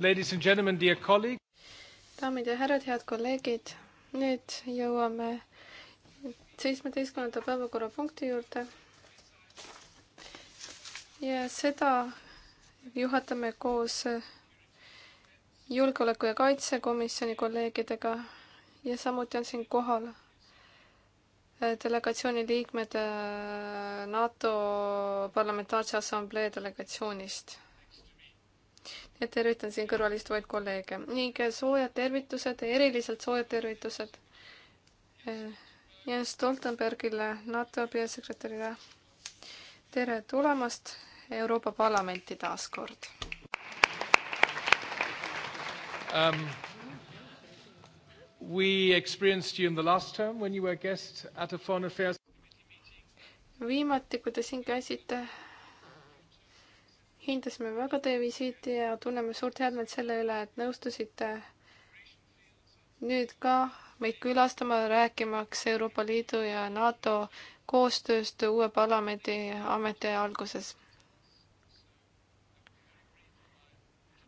Ladies and gentlemen, dear colleague. daamid ja härrad, head kolleegid, nüüd jõuame seitsmeteistkümnenda päevakorrapunkti juurde. ja seda juhatame koos julgeoleku- ja kaitsekomisjoni kolleegidega ja samuti on siin kohal Äh, delegatsiooni liikmed äh, NATO Parlamentaarse Assamblee delegatsioonist. nii et tervitan siin kõrval istuvaid kolleege ning äh, soojad tervitused, eriliselt soojad tervitused Jens Stoltenbergile, NATO peasekretärile. tere tulemast Euroopa Parlamenti taas kord um.! We experienced you in the last term when you were a guest at a foreign affairs viimati, kui te siin käisite, hindasime väga teie visiiti ja tunneme suurt headmeelt selle üle, et nõustusite nüüd ka meid külastama, rääkimaks Euroopa Liidu ja NATO koostööst uue parlamendi ametiaja alguses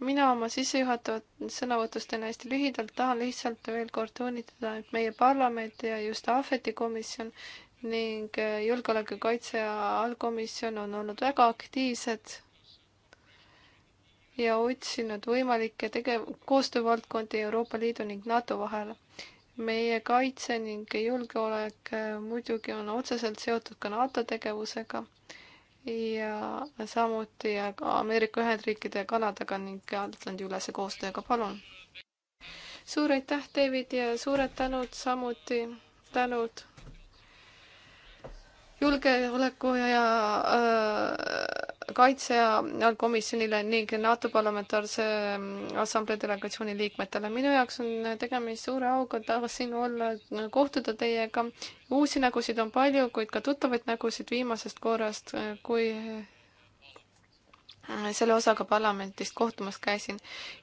mina oma sissejuhatavat sõnavõtust teen hästi lühidalt, tahan lihtsalt veel kord toonitada, et meie parlament ja just Ahveti komisjon ning äh, julgeoleku kaitse allkomisjon on olnud väga aktiivsed ja otsinud võimalikke tegev-, koostöövaldkondi Euroopa Liidu ning NATO vahel. meie kaitse ning julgeolek äh, muidugi on otseselt seotud ka NATO tegevusega ja samuti Ameerika Ühendriikide ja Kanadaga ning Atlandi-ülese koostööga, palun. suur aitäh, David, ja suured tänud samuti, tänud julgeoleku ja äh, kaitse- ja allkomisjonile ning NATO Parlamentaarse mm, Assamblee delegatsiooni liikmetele. minu jaoks on tegemist suure auga taas siin olla, kohtuda teiega. uusi nägusid on palju, kuid ka tuttavaid nägusid viimasest korrast, kui äh, selle osaga parlamendist kohtumas käisin.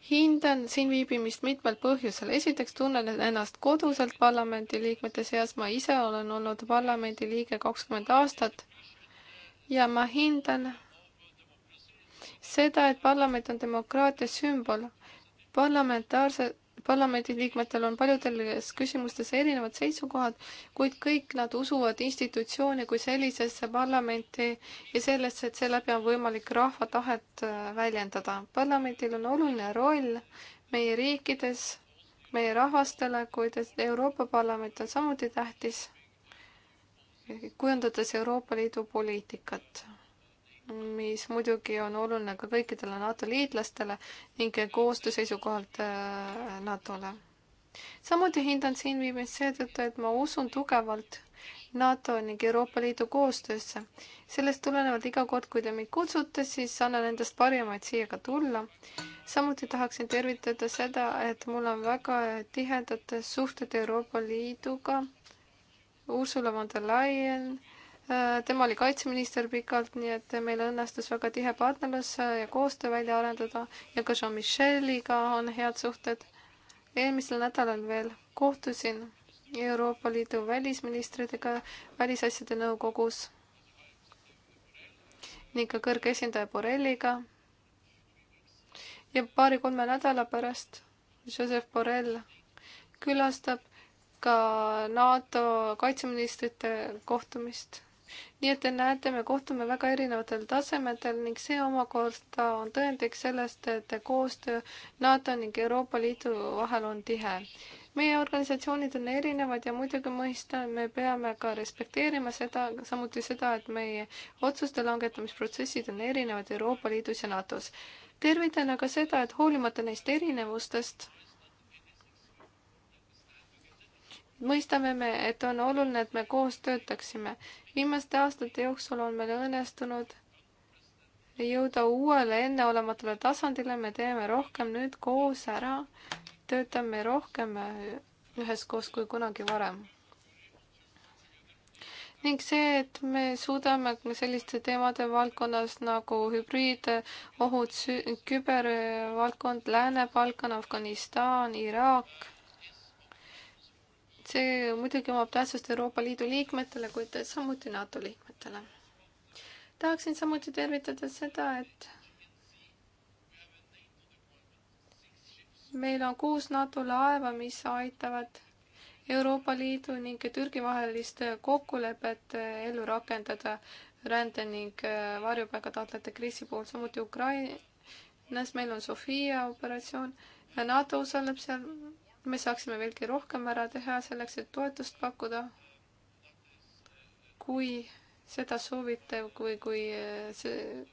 hindan siin viibimist mitmel põhjusel. esiteks tunnen ennast koduselt parlamendiliikmete seas. ma ise olen olnud parlamendiliige kakskümmend aastat ja ma hindan seda, et parlament on demokraatia sümbol. parlamentaarse, parlamendiliikmetel on paljudes küsimustes erinevad seisukohad, kuid kõik nad usuvad institutsiooni kui sellisesse parlamenti ja sellesse, et seeläbi on võimalik rahva tahet äh, väljendada. parlamendil on oluline roll meie riikides, meie rahvastele, kuid Euroopa Parlament on samuti tähtis, kujundades Euroopa Liidu poliitikat mis muidugi on oluline ka kõikidele NATO liitlastele ning koostöö seisukohalt äh, NATO-le. samuti hindan siin viimist seetõttu, et ma usun tugevalt NATO ning Euroopa Liidu koostöösse. sellest tulenevalt iga kord, kui te mind kutsute, siis annan endast parimaid siia ka tulla. samuti tahaksin tervitada seda, et mul on väga tihedad suhted Euroopa Liiduga. Ursula von der Leyen Äh, tema oli kaitseminister pikalt, nii et meil õnnestus väga tihe partnerlus äh, ja koostöö välja arendada ja ka Jean Micheliga on head suhted. eelmisel nädalal veel kohtusin Euroopa Liidu välisministritega Välisasjade Nõukogus ning ka kõrge esindaja Borrelliga. ja paari-kolme nädala pärast Joseph Borrell külastab ka NATO kaitseministrite kohtumist nii et te näete, me kohtume väga erinevatel tasemetel ning see omakorda on tõendiks sellest, et koostöö NATO ning Euroopa Liidu vahel on tihe. meie organisatsioonid on erinevad ja muidugi mõista, me peame ka respekteerima seda, samuti seda, et meie otsuste langetamisprotsessid on erinevad Euroopa Liidus ja NATO-s. tervitan aga seda, et hoolimata neist erinevustest mõistame me, et on oluline, et me koos töötaksime. viimaste aastate jooksul on meil õnnestunud jõuda uuele enneolematule tasandile, me teeme rohkem nüüd koos ära, töötame rohkem üheskoos kui kunagi varem. ning see, et me suudame selliste teemade valdkonnas nagu hübriidohud, kübervaldkond, Lääne-Balkan, Afganistan, Iraak see muidugi omab tähtsust Euroopa Liidu liikmetele, kuid samuti NATO liikmetele. tahaksin samuti tervitada seda, et meil on kuus NATO laeva, mis aitavad Euroopa Liidu ning Türgi vahelist kokkulepet ellu rakendada rände ning äh, varjupaigataotlejate kriisi puhul, samuti Ukrainas meil on Sofia operatsioon ja NATO osaleb seal me saaksime veelgi rohkem ära teha selleks, et toetust pakkuda. kui seda soovite, kui, kui eh, see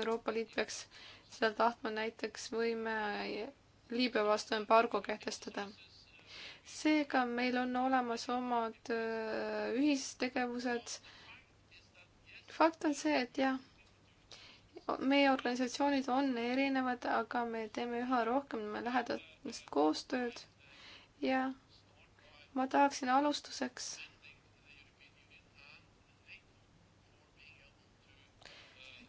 Euroopa Liit peaks seda tahtma, näiteks võime Liibüa vastu embargo kehtestada. seega meil on olemas omad eh, ühistegevused. fakt on see, et jah, meie organisatsioonid on erinevad, aga me teeme üha rohkem lähedast koostööd ja ma tahaksin alustuseks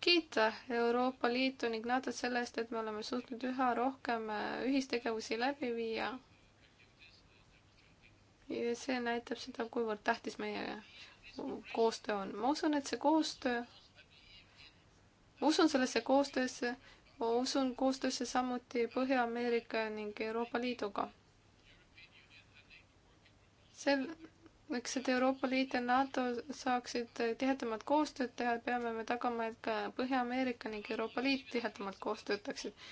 kiita Euroopa Liitu ning NATO-t selle eest, et me oleme suutnud üha rohkem äh, ühistegevusi läbi viia. ja see näitab seda, kuivõrd tähtis meie koostöö on. ma usun, et see koostöö, ma usun sellesse koostöösse, ma usun koostöösse samuti Põhja-Ameerika ning Euroopa Liiduga selleks, et Euroopa Liit ja NATO saaksid tihedamat koostööd teha, peame me tagama, et ka Põhja-Ameerika ning Euroopa Liit tihedamalt koos töötaksid.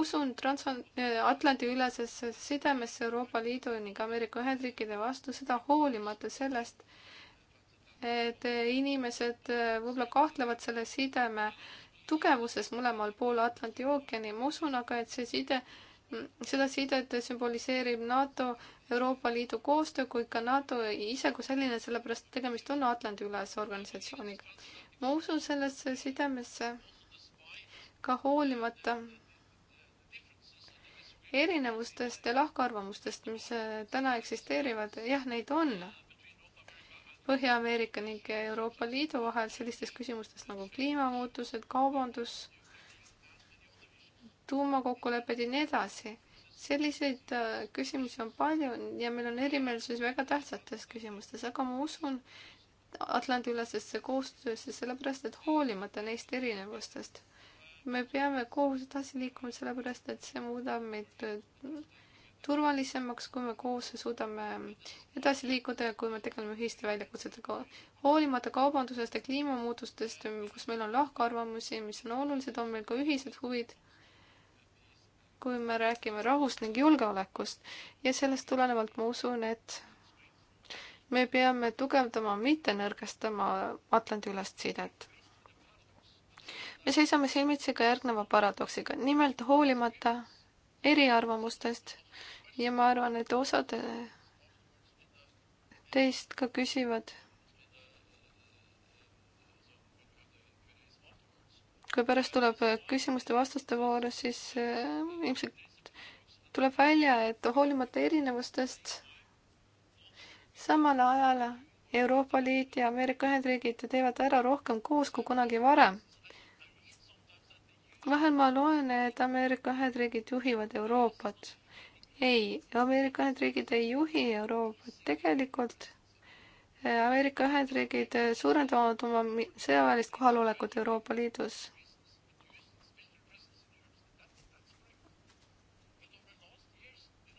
usun trans-, äh, Atlandi-ülesesse sidemesse Euroopa Liidu ning Ameerika Ühendriikide vastu, seda hoolimata sellest, et inimesed äh, võib-olla kahtlevad selle sideme tugevuses mõlemal pool Atlandi ookeani, ma usun aga, et see side seda sidet sümboliseerib NATO Euroopa Liidu koostöö kui ka NATO ise kui selline, sellepärast tegemist on Atlandi-ülese organisatsiooniga. ma usun sellesse sidemesse ka hoolimata erinevustest ja lahkarvamustest, mis äh, täna eksisteerivad, jah, neid on Põhja-Ameerika ning Euroopa Liidu vahel sellistes küsimustes nagu kliimamuutused, kaubandus tuumakokkulepped ja nii edasi. selliseid äh, küsimusi on palju ja meil on erimeelsus väga tähtsates küsimustes, aga ma usun Atlandi-ülesesse koostöösse, sellepärast et hoolimata neist erinevustest, me peame koos edasi liikuma, sellepärast et see muudab meid äh, turvalisemaks, kui me koos suudame edasi liikuda ja kui me tegeleme ühiste väljakutsetega. hoolimata kaubandusest ja kliimamuutustest, kus meil on lahkarvamusi, mis on olulised, on meil ka ühised huvid kui me räägime rahust ning julgeolekust ja sellest tulenevalt ma usun, et me peame tugevdama, mitte nõrgestama Atlandi-ülest sidet. me seisame silmitsi ka järgneva paradoksiga, nimelt hoolimata eriarvamustest ja ma arvan, et osad teist ka küsivad kui pärast tuleb küsimuste-vastuste voor, siis äh, ilmselt tuleb välja, et hoolimata erinevustest samal ajal Euroopa Liit ja Ameerika Ühendriigid teevad ära rohkem koos kui kunagi varem. vahel ma loen, et Ameerika Ühendriigid juhivad Euroopat. ei, Ameerika Ühendriigid ei juhi Euroopat, tegelikult äh, Ameerika Ühendriigid suurendavad oma sõjaväelist kohalolekut Euroopa Liidus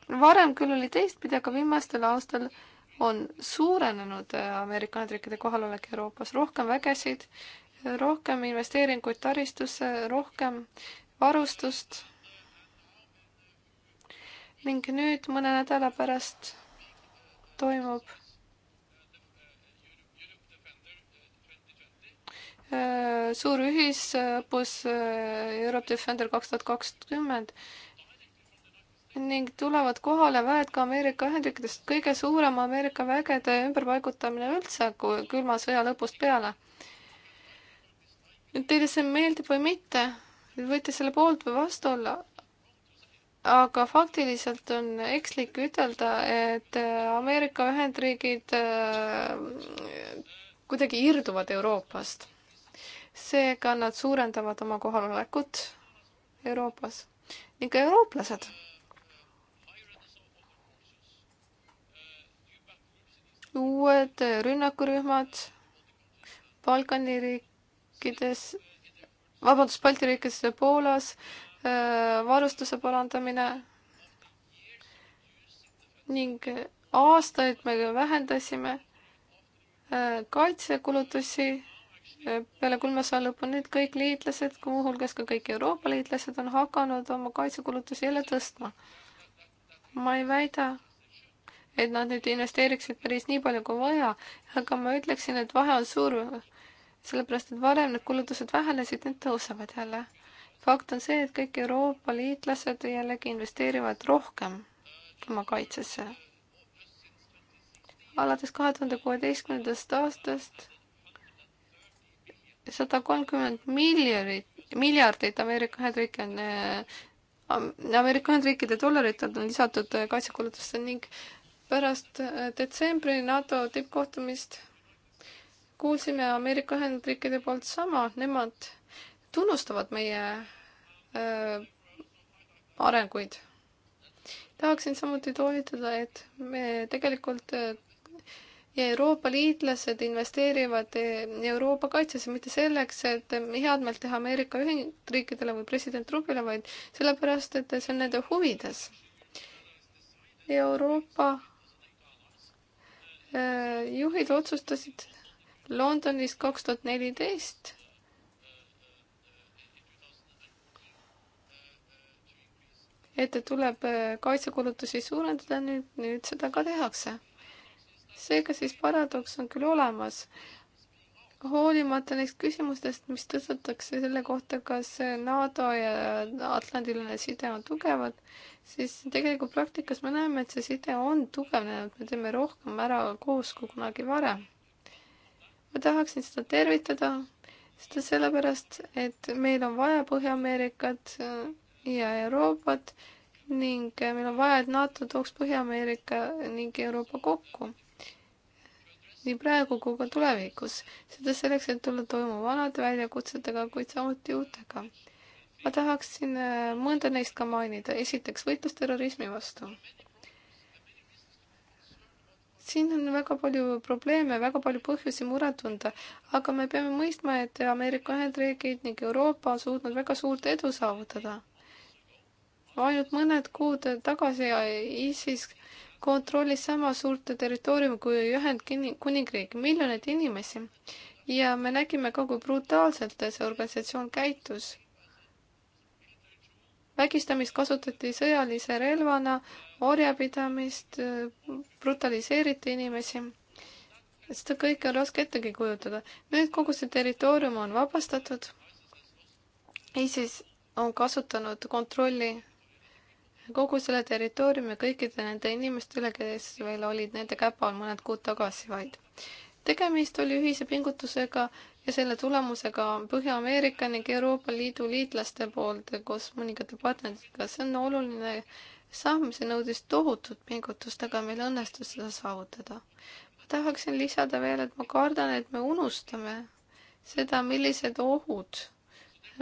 varem küll oli teistpidi, aga viimastel aastal on suurenenud äh, Ameerika Ühendriikide kohalolek Euroopas, rohkem vägesid, rohkem investeeringuid taristusse, rohkem varustust. ning nüüd mõne nädala pärast toimub äh, suur ühisõppus äh, Europe Defender kaks tuhat kakskümmend ning tulevad kohale väed ka Ameerika Ühendriikidest, kõige suurema Ameerika vägede ümberpaigutamine üldse külma sõja lõpust peale. Teile see meeldib või mitte, võite selle poolt või vastu olla, aga faktiliselt on ekslik ütelda, et Ameerika Ühendriigid äh, kuidagi irduvad Euroopast. seega nad suurendavad oma kohalolekut Euroopas ning ka eurooplased uued rünnakurühmad Balkani riikides, vabandust, Balti riikides ja Poolas, äh, varustuse parandamine ning aastaid me vähendasime äh, kaitsekulutusi äh, peale kolmesaja lõppu, nüüd kõik liitlased, muuhulgas ka kõik Euroopa liitlased on hakanud oma kaitsekulutusi jälle tõstma. ma ei väida, et nad nüüd investeeriksid päris nii palju kui vaja, aga ma ütleksin, et vahe on suur, sellepärast et varem need kulutused vähenesid, nüüd tõusevad jälle. fakt on see, et kõik Euroopa liitlased jällegi investeerivad rohkem oma kaitsesse. alates kahe tuhande kuueteistkümnendast aastast sada kolmkümmend miljonit, miljardit Ameerika Ühendriike on eh, Ameerika Ühendriikide dollarit on lisatud kaitsekulutustesse ning pärast äh, detsembri NATO tippkohtumist kuulsime Ameerika Ühendriikide poolt sama, nemad tunnustavad meie äh, arenguid. tahaksin samuti toonitada, et me tegelikult äh, ja Euroopa liitlased investeerivad äh, Euroopa kaitsesse mitte selleks, et head meelt teha Ameerika Ühendriikidele või president Trumpile, vaid sellepärast, et see on nende huvides. Euroopa Äh, juhid otsustasid Londonis kaks tuhat neliteist et tuleb äh, kaitsekulutusi suurendada, nüüd, nüüd seda ka tehakse. seega siis paradoks on küll olemas, hoolimata neist küsimustest, mis tõstetakse selle kohta, kas NATO ja Atlandiline side on tugevad, siis tegelikult praktikas me näeme, et see side on tugevnenud, me teeme rohkem ära koos kui kunagi varem. ma tahaksin seda tervitada, seda sellepärast, et meil on vaja Põhja-Ameerikat ja Euroopat ning meil on vaja, et NATO tooks Põhja-Ameerika ning Euroopa kokku nii praegu kui ka tulevikus. seda selleks, et tulla toime vanade väljakutsetega, kuid samuti uutega. ma tahaksin äh, mõnda neist ka mainida. esiteks, võitlus terrorismi vastu. siin on väga palju probleeme, väga palju põhjusi mure tunda, aga me peame mõistma, et Ameerika Ühendriigid ning Euroopa on suutnud väga suurt edu saavutada. ainult mõned kuud tagasi ISIS kontrollis sama suurt territooriumi kui Ühendkuningriik, miljoneid inimesi. ja me nägime ka, kui brutaalselt see organisatsioon käitus. vägistamist kasutati sõjalise relvana, orjapidamist, brutaliseeriti inimesi. seda kõike on raske ettegi kujutada. nüüd kogu see territoorium on vabastatud. ISIS on kasutanud kontrolli kogu selle territooriumi kõikide nende inimeste üle, kes veel olid nende käpal mõned kuud tagasi vaid. tegemist oli ühise pingutusega ja selle tulemusega Põhja-Ameerika ning Euroopa Liidu liitlaste poolt koos mõningate partneritega, see on oluline samm, see nõudis tohutut pingutust, aga meil õnnestus seda saavutada. ma tahaksin lisada veel, et ma kardan, et me unustame seda, millised ohud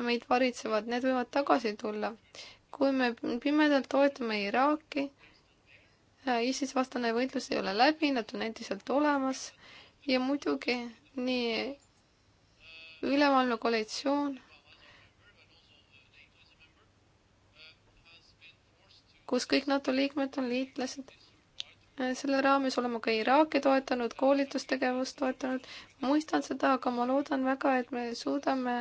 meid varitsevad, need võivad tagasi tulla kui me pimedalt toetame Iraaki, äh, ISIS vastane võitlus ei ole läbi, nad on endiselt olemas ja muidugi nii ülemaailmne koalitsioon, kus kõik NATO liikmed on liitlased äh, selle raames olema ka Iraaki toetanud, koolitustegevust toetanud. mõistan seda, aga ma loodan väga, et me suudame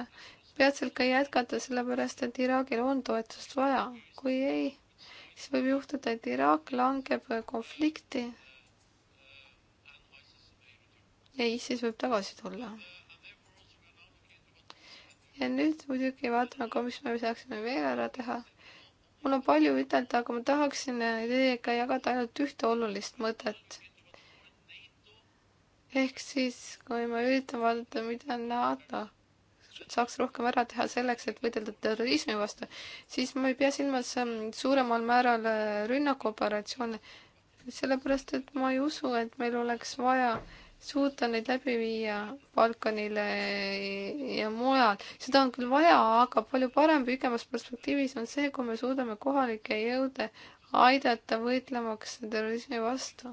peatselt ka jätkata, sellepärast et Iraagil on toetust vaja. kui ei, siis võib juhtuda, et Iraak langeb konflikti. ja ISIS võib tagasi tulla. ja nüüd muidugi vaatame ka, mis me saaksime veel ära teha. mul on palju ütelda, aga ma tahaksin teiega jagada ainult ühte olulist mõtet ehk siis, kui ma üritan vaadata, mida on NATO saaks rohkem ära teha selleks, et võidelda terrorismi vastu, siis ma ei pea silmas ähm, suuremal määral äh, rünnakuoperatsioone, sellepärast et ma ei usu, et meil oleks vaja suuta neid läbi viia Balkanile ja mujal. seda on küll vaja, aga palju parem pikemas perspektiivis on see, kui me suudame kohalikke jõude aidata võitlemaks terrorismi vastu.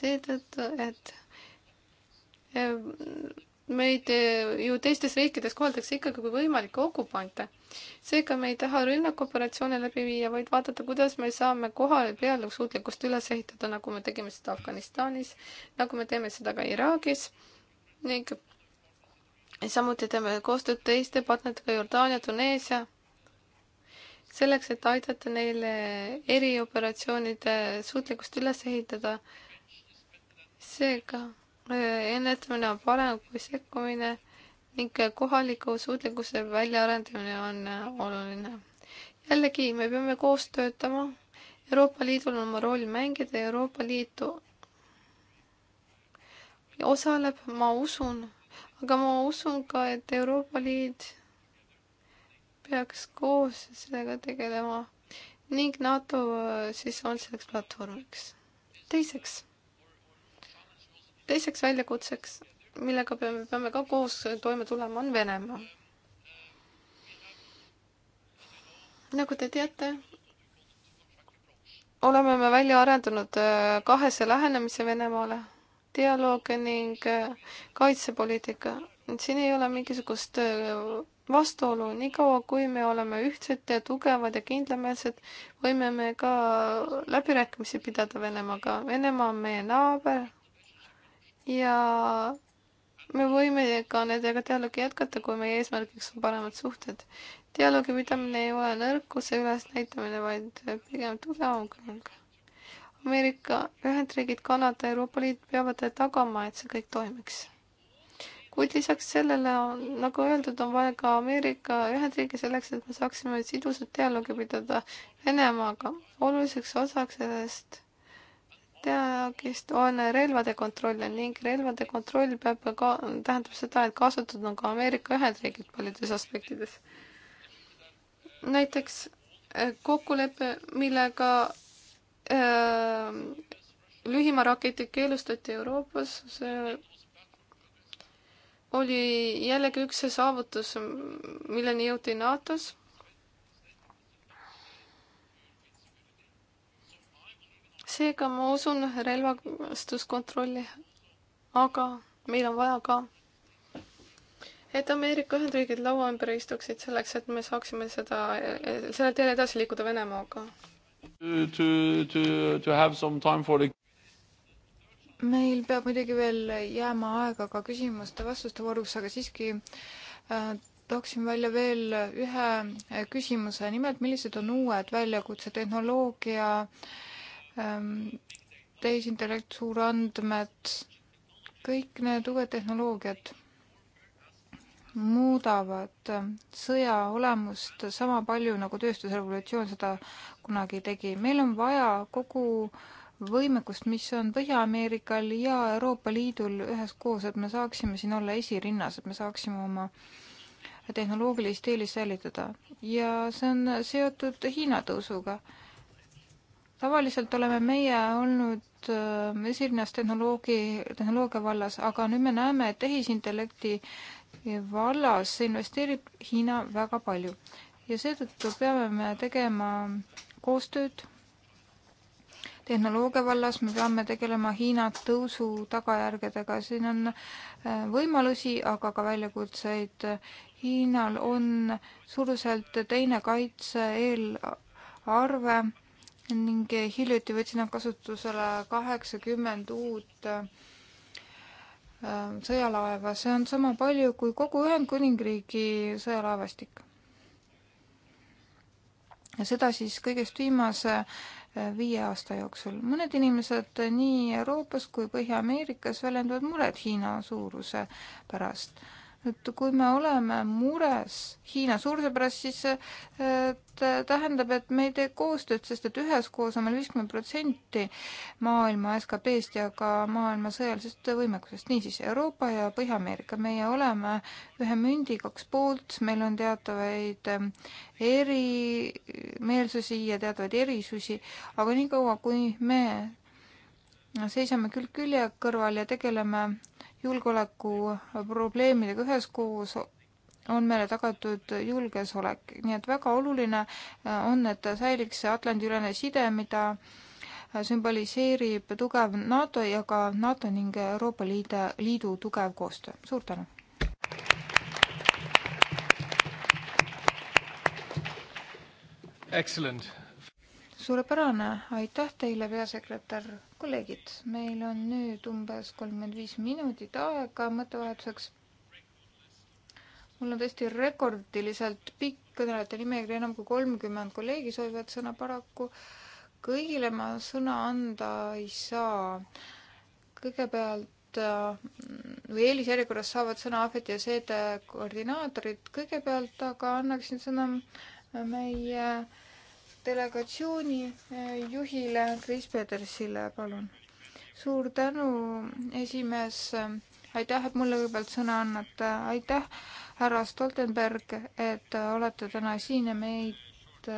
seetõttu, et äh, meid eh, ju teistes riikides koheldakse ikkagi kui võimalikke okupante. seega me ei taha rünnakoperatsioone läbi viia, vaid vaadata, kuidas me saame kohale pealesuutlikkust üles ehitada, nagu me tegime seda Afganistanis, nagu me teeme seda ka Iraagis ning samuti teeme koostööd teiste partneritega Jordaania, Tuneesia, selleks, et aidata neile erioperatsioonide suutlikkust üles ehitada. seega Äh, ennetamine on parem kui sekkumine ning äh, kohaliku suutlikkuse väljaarendamine on äh, oluline. jällegi, me peame koos töötama. Euroopa Liidul on oma roll mängida ja Euroopa Liitu osaleb, ma usun, aga ma usun ka, et Euroopa Liit peaks koos sellega tegelema ning NATO siis on selleks platvormiks. teiseks teiseks väljakutseks, millega peame, peame ka koos toime tulema, on Venemaa. nagu te teate, oleme me välja arendanud äh, kahese lähenemise Venemaale, dialoog ning äh, kaitsepoliitika. siin ei ole mingisugust äh, vastuolu, niikaua kui me oleme ühtsed, tugevad ja kindlameelsed, võime me ka läbirääkimisi pidada Venemaaga. Venemaa on meie naaber ja me võime ka nendega dialoogi jätkata, kui meie eesmärgiks on paremad suhted. dialoogi pidamine ei ole nõrkuse ülesnäitamine, vaid pigem tugevam külg. Ameerika Ühendriigid, Kanada, Euroopa Liit peavad tagama, et see kõik toimiks. kuid lisaks sellele on, nagu öeldud, on vaja ka Ameerika Ühendriike selleks, et me saaksime sidusat dialoogi pidada Venemaaga. oluliseks osaks sellest tegemist on relvade kontroll ning relvade kontroll peab ka, tähendab seda, et kaasatud on ka Ameerika Ühendriigid paljudes aspektides. näiteks eh, kokkulepe, millega äh, eh, lühimaaraketid keelustati Euroopas, see oli jällegi üks see saavutus, milleni jõuti NATO-s seega ma usun relvastuskontrolli, aga meil on vaja ka, et Ameerika Ühendriigid laua ümber istuksid selleks, et me saaksime seda, sellel teel edasi liikuda Venemaaga. meil peab muidugi veel jääma aega ka küsimuste-vastuste vooruks, aga siiski äh, tooksin välja veel ühe äh, küsimuse, nimelt millised on uued väljakutsed tehnoloogia äh, Ähm, tehisintellekt, suurandmed, kõik need uued tehnoloogiad muudavad ähm, sõja olemust sama palju, nagu tööstusrevolutsioon seda kunagi tegi. meil on vaja kogu võimekust, mis on Põhja-Ameerikal ja Euroopa Liidul üheskoos, et me saaksime siin olla esirinnas, et me saaksime oma tehnoloogilist eelist säilitada. ja see on seotud Hiina tõusuga tavaliselt oleme meie olnud äh, esirinnas tehnoloogi, tehnoloogia vallas, aga nüüd me näeme, et tehisintellekti vallas investeerib Hiina väga palju ja seetõttu peame me tegema koostööd tehnoloogia vallas, me peame tegelema Hiina tõusu tagajärgedega, siin on äh, võimalusi, aga ka väljakutseid. Hiinal on suuruselt teine kaitse eelarve ning hiljuti võtsin nad kasutusele kaheksakümmend uut äh, sõjalaeva, see on sama palju kui kogu Ühendkuningriigi sõjalaevastik. ja seda siis kõigest viimase äh, viie aasta jooksul. mõned inimesed nii Euroopas kui Põhja-Ameerikas väljenduvad muret Hiina suuruse pärast et kui me oleme mures Hiina suuruse pärast, siis tähendab, et me ei tee koostööd, sest et üheskoos on meil viiskümmend protsenti maailma SKP-st ja ka maailma sõjalisest võimekusest. niisiis, Euroopa ja Põhja-Ameerika, meie oleme ühe mündi kaks poolt, meil on teatavaid ähm, erimeelsusi ja teatavaid erisusi, aga niikaua, kui me seisame külg külje kõrval ja tegeleme julgeolekuprobleemidega üheskoos on meile tagatud julgesolek, nii et väga oluline äh, on, et säiliks see Atlandi-ülene side, mida äh, sümboliseerib tugev NATO ja ka NATO ning Euroopa Liide, Liidu tugev koostöö. suur tänu! Excellent suurepärane, aitäh teile, peasekretär. kolleegid, meil on nüüd umbes kolmkümmend viis minutit aega mõttevahetuseks. mul on tõesti rekordiliselt pikk kõnelejate nimekiri, enam kui kolmkümmend kolleegi soovivad sõna, paraku kõigile ma sõna anda ei saa. kõigepealt äh, või eelisjärjekorras saavad sõna Ahveti ja Seede koordinaatorid, kõigepealt aga annaksin sõna meie äh, delegatsiooni eh, juhile Kris Pedersile, palun. suur tänu, esimees. aitäh, et mulle kõigepealt sõna annate. aitäh, härra Stoltenberg, et olete täna siin ja meid,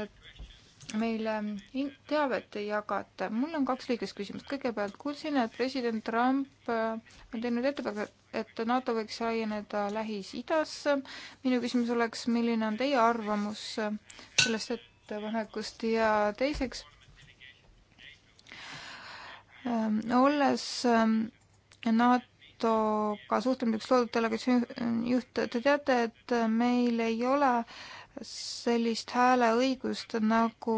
meile teavet jagate. mul on kaks lühikest küsimust. kõigepealt kuulsin, et president Trump eh, on teinud ettepaneku, et NATO võiks laieneda Lähis-Idasse. minu küsimus oleks, milline on teie arvamus sellest, et ettepanekust ja teiseks, ähm, olles ähm, NATO-ga suhtlemiseks loodud delegatsiooni ähm, juht, te teate, et meil ei ole sellist hääleõigust nagu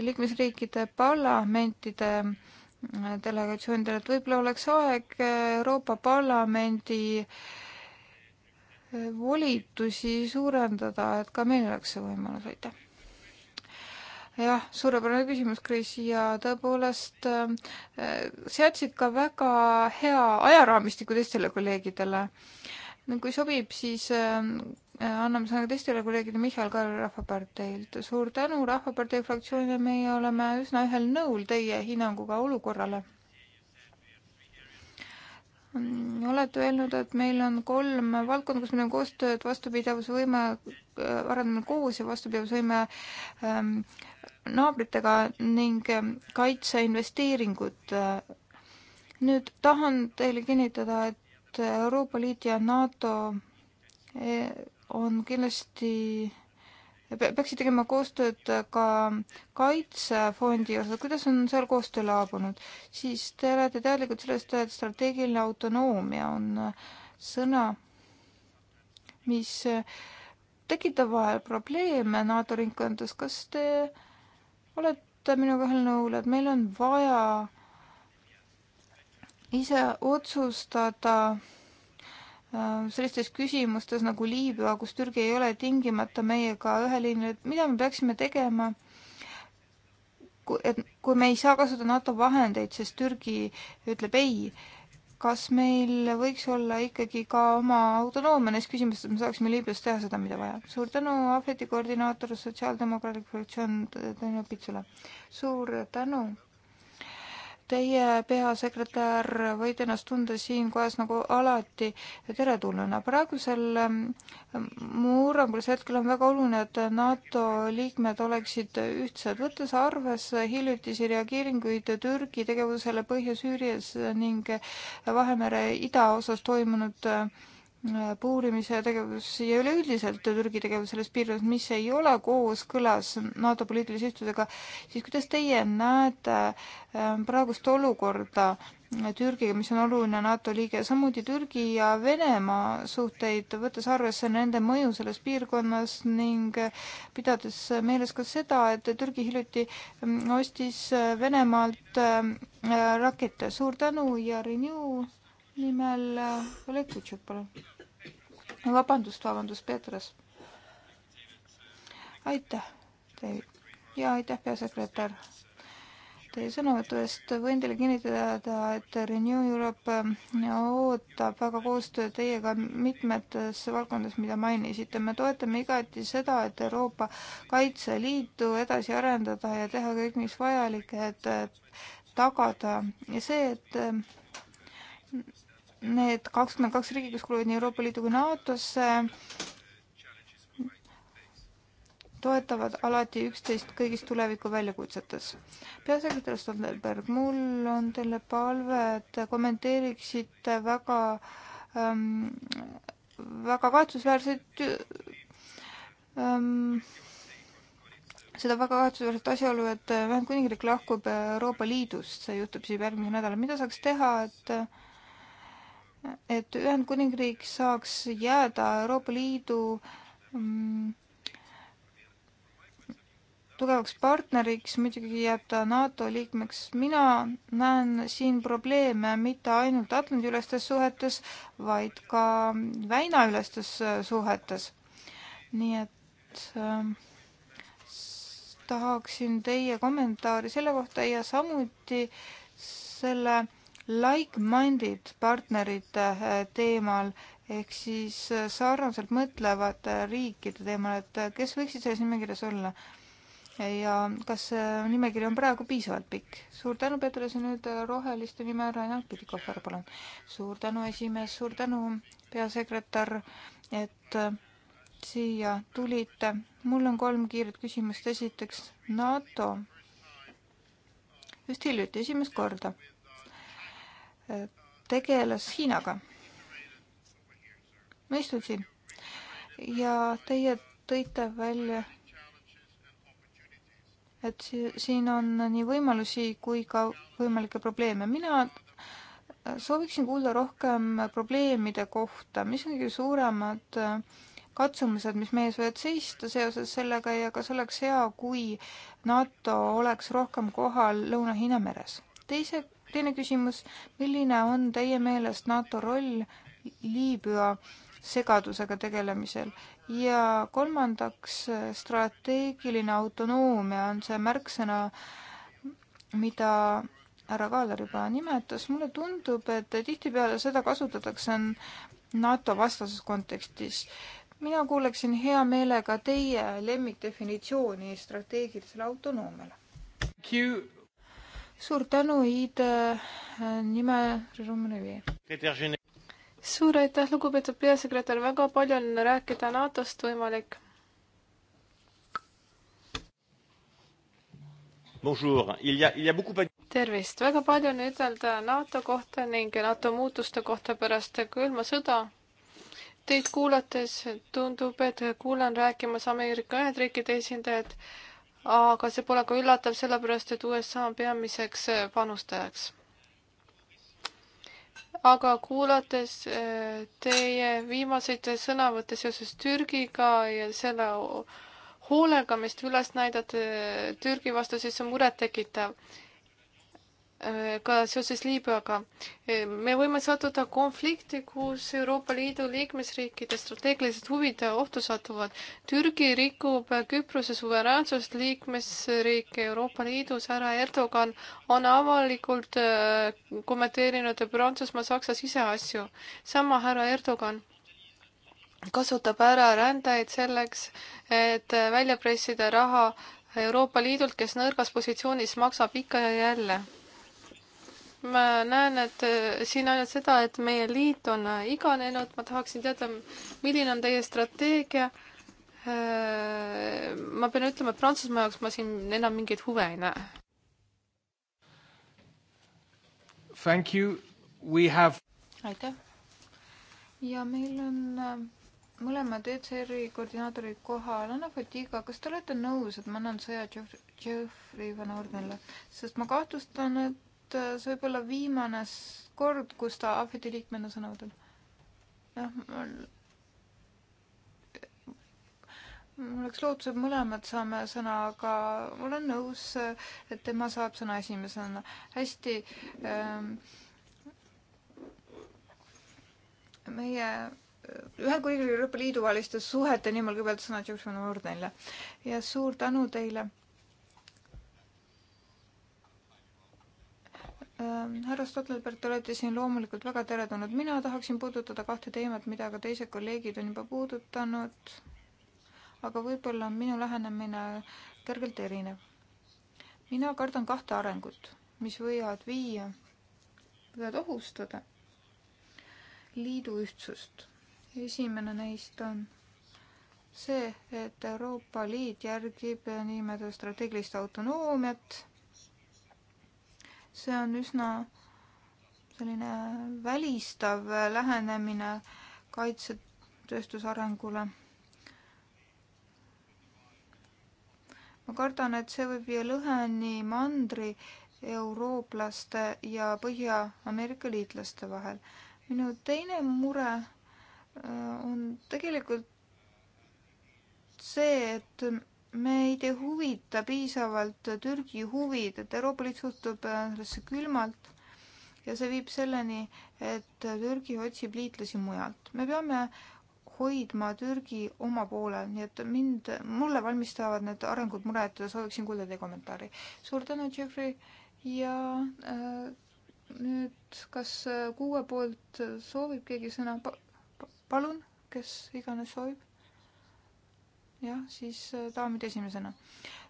liikmesriikide parlamentide äh, delegatsioonidel, et võib-olla oleks aeg äh, Euroopa Parlamendi äh, volitusi suurendada, et ka meil oleks see võimalus, aitäh jah, suurepärane küsimus, Kris, ja tõepoolest äh, seadsid ka väga hea ajaraamistiku teistele kolleegidele. kui sobib, siis äh, anname sõna teistele kolleegidele, Michal Karu Rahvaparteilt. suur tänu Rahvapartei fraktsioonile, meie oleme üsna ühel nõul teie hinnanguga olukorrale. Mm, olete öelnud, et meil on kolm valdkonda, kus meil on koostööd, vastupidavusvõime äh,, arendame koos ja vastupidavusvõime ähm, naabritega ning ehm, kaitseinvesteeringud. nüüd tahan teile kinnitada, et Euroopa Liit ja NATO e, on kindlasti peaksid tegema koostööd ka kaitsefondi osas, kuidas on seal koostöö laabunud, siis te olete teadlikud sellest, et strateegiline autonoomia on sõna, mis tekitab vahel probleeme NATO ringkondades, kas te äh, olete minuga ühel nõul, et meil on vaja ise otsustada äh, sellistes küsimustes nagu Liibüa, kus Türgi ei ole tingimata meiega ühel liinil, et mida me peaksime tegema, et kui me ei saa kasutada NATO vahendeid, sest Türgi ütleb ei kas meil võiks olla ikkagi ka oma autonoomia neis küsimustes, et me saaksime Liibüas teha seda, mida vaja. suur tänu, Ahveti koordinaator, Sotsiaaldemokraatlik fraktsioon Tõnu Pitsule. suur tänu teie peasekretär võite ennast tunda siin kojas nagu alati teretulnuna. praegusel ähm, murrangul hetkel on väga oluline, et NATO liikmed oleksid ühtsed, võttes arvesse hiljutisi reageeringuid Türgi tegevusele Põhja-Süürias ning Vahemere idaosas toimunud äh, puurimise tegevus ja üleüldiselt Türgi tegevus selles piirkonnas, mis ei ole kooskõlas NATO poliitilise istudega, siis kuidas teie näete ähm, praegust olukorda Türgiga, mis on oluline NATO liige, samuti Türgi ja Venemaa suhteid, võttes arvesse nende mõju selles piirkonnas ning pidades meeles ka seda, et Türgi hiljuti ähm, ostis äh, Venemaalt ähm, äh, rakette. suur tänu ja Renew nimel äh, Oleg Kutšuk, palun vabandust, vabandust, Peetras. aitäh teile ja aitäh, peasekretär, teie sõnavõtu eest. võin teile kinnitada, et Renew Europe äh, ootab väga koostööd teiega mitmetes valdkondades, mida mainisite. me toetame igati seda, et Euroopa Kaitseliitu edasi arendada ja teha kõik, mis vajalik, et tagada ja see, et need kakskümmend kaks riigi, kes kuuluvad nii Euroopa Liidu kui NATO-sse, toetavad alati üksteist kõigis tuleviku väljakutsetes. peasekretär Stoltenberg, mul on teile palve, et kommenteeriksite väga ähm,, väga kahetsusväärset ähm, seda väga kahetsusväärset asjaolu, et Ühendkuningriik lahkub Euroopa Liidust, see juhtub siis järgmisel nädalal. mida saaks teha, et et Ühendkuningriik saaks jääda Euroopa Liidu mm, tugevaks partneriks, muidugi jääb ta NATO liikmeks. mina näen siin probleeme mitte ainult Atlandi-ülestes suhetes, vaid ka väinaülestes äh, suhetes. nii et äh, tahaksin teie kommentaari selle kohta ja samuti selle äh, like-minded partnerite eh, teemal ehk siis eh, sarnaselt mõtlevate riikide teemal, et eh, kes võiksid selles nimekirjas olla? ja kas see nimekiri on praegu piisavalt pikk? suur tänu, Peeter, ja nüüd roheliste nime Rainer Pidikohver, palun. suur tänu, esimees, suur tänu, peasekretär, et siia tulite. mul on kolm kiiret küsimust. esiteks NATO. just hiljuti, esimest korda tegeles Hiinaga. ma istun siin ja teie tõite välja, et siin on nii võimalusi kui ka võimalikke probleeme. mina sooviksin kuulda rohkem probleemide kohta, mis on kõige suuremad äh, katsumused, mis meie ees võivad seista seoses sellega ja kas oleks hea, kui NATO oleks rohkem kohal Lõuna-Hiina meres. teiseks teine küsimus, milline on teie meelest NATO roll Liibüa segadusega tegelemisel ja kolmandaks, strateegiline autonoomia on see märksõna, mida härra Kaaler juba nimetas, mulle tundub, et tihtipeale seda kasutatakse NATO vastases kontekstis. mina kuuleksin hea meelega teie lemmikdefinitsiooni strateegilisele autonoomiale suur tänu, Iid, nime Rumevi. suur aitäh, lugupeetud peasekretär, väga palju on rääkida NATO-st võimalik. tervist, väga palju on ütelda NATO kohta ning NATO muutuste kohta pärast külma sõda Teid kuulates tundub, et kuulan rääkimas Ameerika Ühendriikide esindajat, aga see pole ka üllatav, sellepärast et USA on peamiseks äh, panustajaks. aga kuulates äh, teie viimaseid sõnavõtte seoses Türgiga ja selle hoolega, mis te üles näidate äh, Türgi vastu, siis see on murettekitav ka seoses Liibüaga. me võime sattuda konflikti, kus Euroopa Liidu liikmesriikide strateegilised huvid ohtu satuvad. Türgi rikub Küprose suveräänsust liikmesriike Euroopa Liidus, härra Erdogan on avalikult äh, kommenteerinud Prantsusmaa, Saksa siseasju. sama härra Erdogan kasutab ära rändajaid selleks, et välja pressida raha Euroopa Liidult, kes nõrgas positsioonis maksab ikka ja jälle ma näen, et äh, siin ainult seda, et meie liit on äh, iganenud, ma tahaksin teada, milline on teie strateegia. Äh, ma pean ütlema, et Prantsusmaa jaoks ma siin enam mingeid huve ei näe. Thank you, we have. aitäh. ja meil on mõlemad ECR-i koordinaatorid kohal. Anna Fatiga, kas te olete nõus, et ma annan sõja Jeffrey Van Ordenile, sest ma kahtlustan, et et äh, see võib olla viimane kord, kus ta Ahveti liikmena sõna võtab. jah, mul mul oleks lootus, et mõlemad saame sõna, aga ma olen nõus, äh, et tema saab sõna esimesena. hästi ähm,. meie äh, Ühendkuningriigi Euroopa Liidu vaheliste suhete nimel kõigepealt sõna Joshua Nordenile ja suur tänu teile Äh, härra Stottelberg, te olete siin loomulikult väga teretulnud. mina tahaksin puudutada kahte teemat, mida ka teised kolleegid on juba puudutanud. aga võib-olla on minu lähenemine kergelt erinev. mina kardan kahte arengut, mis võivad viia, võivad ohustada liidu ühtsust. esimene neist on see, et Euroopa Liit järgib niinimetatud strateegilist autonoomiat see on üsna selline välistav lähenemine kaitsetööstuse arengule. ma kardan, et see võib viia lõheni mandri eurooplaste ja Põhja-Ameerika liitlaste vahel. minu teine mure äh, on tegelikult see, et meid ei huvita piisavalt Türgi huvid, et Euroopa Liit suhtub sellesse äh, külmalt ja see viib selleni, et Türgi otsib liitlasi mujalt. me peame hoidma Türgi oma poole, nii et mind, mulle valmistavad need arengud muret ja sooviksin kuulda teie kommentaari. suur tänu, Jeffrey ja äh, nüüd kas äh, kuue poolt soovib keegi sõna pa? Pa palun, kes iganes soovib jah, siis äh, daamid esimesena.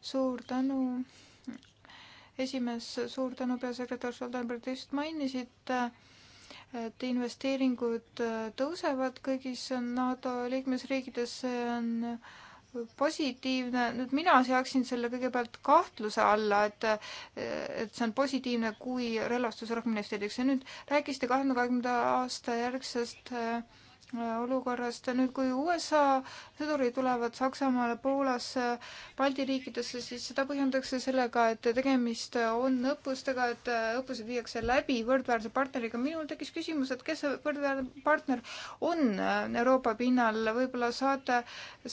suur tänu, esimees, suur tänu, peasekretär Soldenberg, te just mainisite et investeeringud äh, tõusevad kõigis NATO liikmesriikides, see on äh, positiivne, nüüd mina seaksin selle kõigepealt kahtluse alla, et et see on positiivne, kui relvastus rohkem investeeritakse. nüüd rääkisite kahe tuhande kahekümnenda aasta järgsest äh, olukorrast. nüüd, kui USA sõdurid tulevad Saksamaale, Poolasse, Balti riikidesse, siis seda põhjendatakse sellega, et tegemist on õppustega, et õppused viiakse läbi võrdväärse partneriga. minul tekkis küsimus, et kes see võrdväärne partner on Euroopa pinnal, võib-olla saate